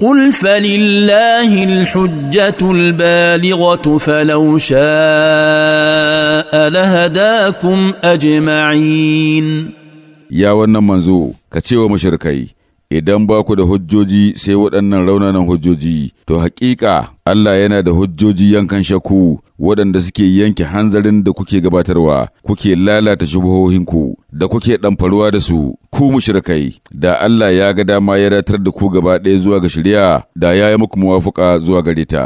قل فلله الحجة البالغة فلو شاء لهداكم أجمعين يا wannan manzo ka ce wa idan ba ku da hujjoji sai waɗannan raunanan hujjoji to haƙiƙa Allah yana da hujjoji yankan shaku waɗanda suke yanke hanzarin da kuke gabatarwa kuke lalata shubuhohinku da kuke ɗamfaruwa da su ku mushrikai da Allah ya ga dama ya ratar da ku gaba ɗaya zuwa ga shari'a da ya yi muku muwafuka zuwa gare ta